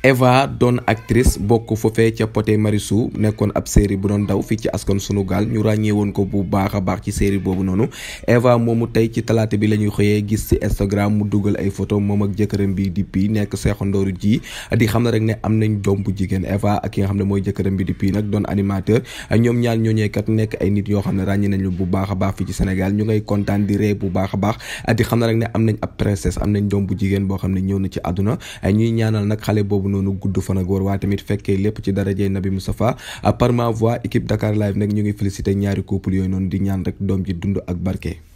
Eva don actrice bokk foofee ca Poté Marichou nekkoon ab série bu doon daw fii ci askan sunu gaal ñu ràññee woon ko bu baax a baax ci séeri boobu noonu Eva moomu tey ci talaata bi la ñuy xëyee gis ci Instagram mu dugal ay photo moom ak jëkkëram bi di pii nekk seexandooru ji di xam ne rek ne am nañ doom bu jigéen Eva ak ki nga xam ne mooy jëkkëram bi di pii nag doon animateur ñoom ñaar ñooñee kat nekk ay nit yoo xam ne ràññee nañu bu baax baax fii ci Sénégal ñu ngay kontaan di bu baax a baax di xam ne rek ne am nañ ab princesse am nañ doom bu jigéen boo xam ne ñëw na ci àdduna ñuy ñaanal nag xale boobu noonu gudd fan ak wóor tamit fekkee lépp ci darajey Nabi Moustapha par ma voix équipe Dakar Live nag ñu ngi félicité ñaari couple yooyu noonu di ñaan rek doom ji dund ak barke